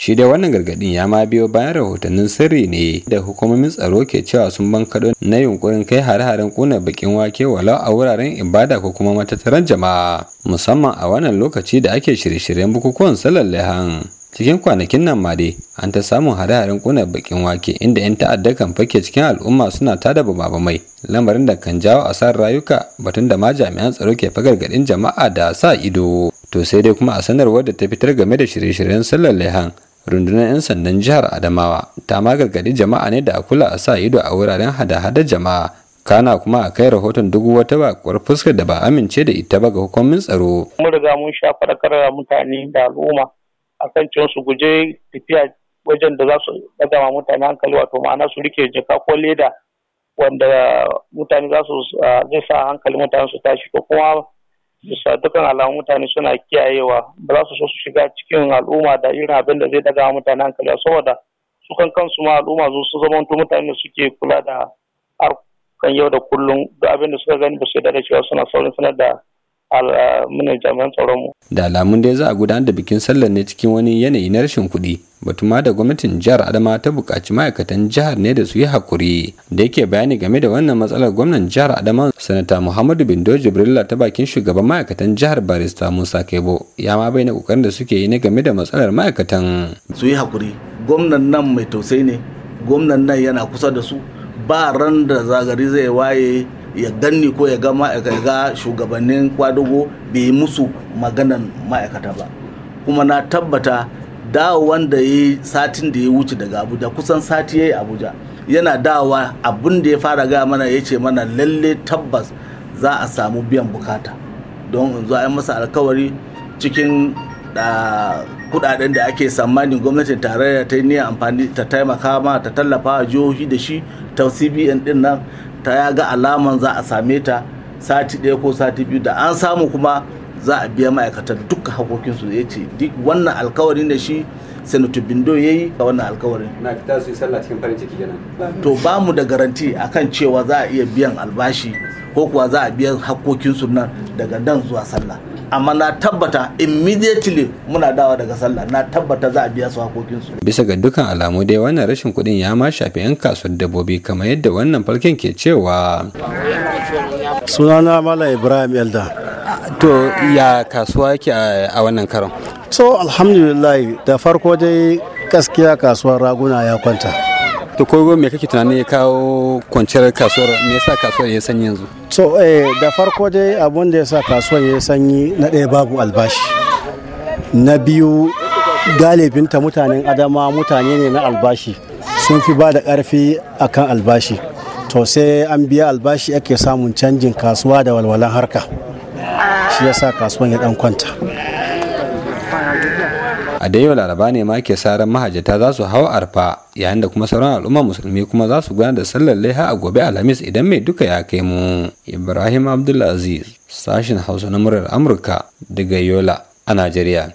shi dai wannan gargadin ya ma biyo bayan rahotannin sirri ne da hukumomin tsaro ke cewa sun bankaɗo na yunkurin kai hare-haren kuna bakin wake walau a wuraren ibada ko kuma matattaran jama'a musamman a wannan lokaci da ake shirye-shiryen bukukuwan sallar lehan cikin kwanakin nan ma dai an ta samun hare-haren kuna bakin wake inda 'yan ta'adda kan fake cikin al'umma suna tada ba mai lamarin da kan jawo a asarar rayuka batun da ma jami'an tsaro ke fa gargadin jama'a da sa ido to sai dai kuma a sanarwar da ta fitar game da shirye-shiryen sallar lehan rundunar 'yan sandan jihar adamawa ta ma gargadi jama'a ne da a kula a sa ido a wuraren hada-hada jama'a kana kuma a kai rahoton duk wata bakuwar fuskar da ba amince da ita ba ga hukumin tsaro. mun riga mun sha da mutane da al'umma kan cewa su guje tafiya wajen da za su daga ma mutane hankali wato ma'ana su rike jaka ko leda wanda mutane za su zai sa hankali mutane su tashi ko kuma bisa dukkan alamun mutane suna kiyayewa ba za su so su shiga cikin al'umma da irin abin da zai daga mutane hankali saboda su kan kansu ma al'umma zu su zama mutane da suke kula da harkan yau da kullum da abin da suka gani ba su yarda da cewa suna saurin sanar da muna jami'an tsaronmu. Da alamun dai za a gudanar da bikin sallar ne cikin wani yanayi na rashin kuɗi. Batu ma da gwamnatin jihar Adama ta buƙaci ma'aikatan jihar ne da su yi hakuri. Da yake bayani game da wannan matsalar gwamnan jihar Adama sanata Muhammadu Bindo Jibrilla ta bakin shugaban ma'aikatan jihar Barista Musa Kebo ya ma bayyana ƙoƙarin da suke yi ne game da matsalar ma'aikatan. Su yi hakuri. Gwamnan nan mai tausayi ne. Gwamnan nan yana kusa da su. Ba ran da zagari zai waye ya danne ko ya ga ma'aikata shugabannin kwadugo bai yi musu maganan ma'aikata ba kuma na tabbata dawo wanda ya yi satin da ya wuce daga abuja kusan sati ya yi abuja yana dawa abin da ya fara gaya mana ya ce mana lalle tabbas za a samu biyan bukata don in a yi masa alkawari cikin kudaden da ake tsammanin gwamnatin tarayya ta yi niyyar amfani ta taimaka ma ta tallafa a jihohi da shi ta cbn din nan ta ya ga alaman za a same ta sati ɗaya ko sati biyu da an samu kuma za a biya ma'aikatan duk hakokinsu ya ce duk wannan alkawarin da shi senator bindo ya yi a wannan alkawarin na fita su yi sallah cikin farin ciki kenan to ba mu da garanti a kan cewa za a iya biyan albashi ko kuwa za a biyan hakokinsu nan daga nan zuwa sallah amma na tabbata immediately muna dawa daga sallah na tabbata za a biya su hakokinsu. bisa ga dukkan alamu dai wannan rashin kuɗin ya ma shafi 'yan kasuwar dabbobi kamar yadda wannan falken ke cewa sunana mala ibrahim elda to ya kasuwa yake a wannan karon so alhamdulillah da farko dai gaskiya kasuwar raguna ya kwanta to ko me kake tunanin ya kawo kwanciyar kasuwar me yasa kasuwar ya sanyi yanzu to eh da farko dai abun da yasa kasuwar ya sanyi na ɗaya babu albashi na biyu galibinta mutanen adama mutane ne na albashi sun fi ba da ƙarfi akan albashi to sai an biya albashi ake samun canjin kasuwa da walwalan harka shi yasa kasuwar ya dan kwanta a da yau laraba ne ma ke sa ran mahajjata za su hau arfa yayin da kuma sauran al'umma musulmi kuma za su gudanar da sallar laiha a gobe alhamis idan mai duka ya kai mu ibrahim abdulaziz sashin hausa na murar amurka daga yola a najeriya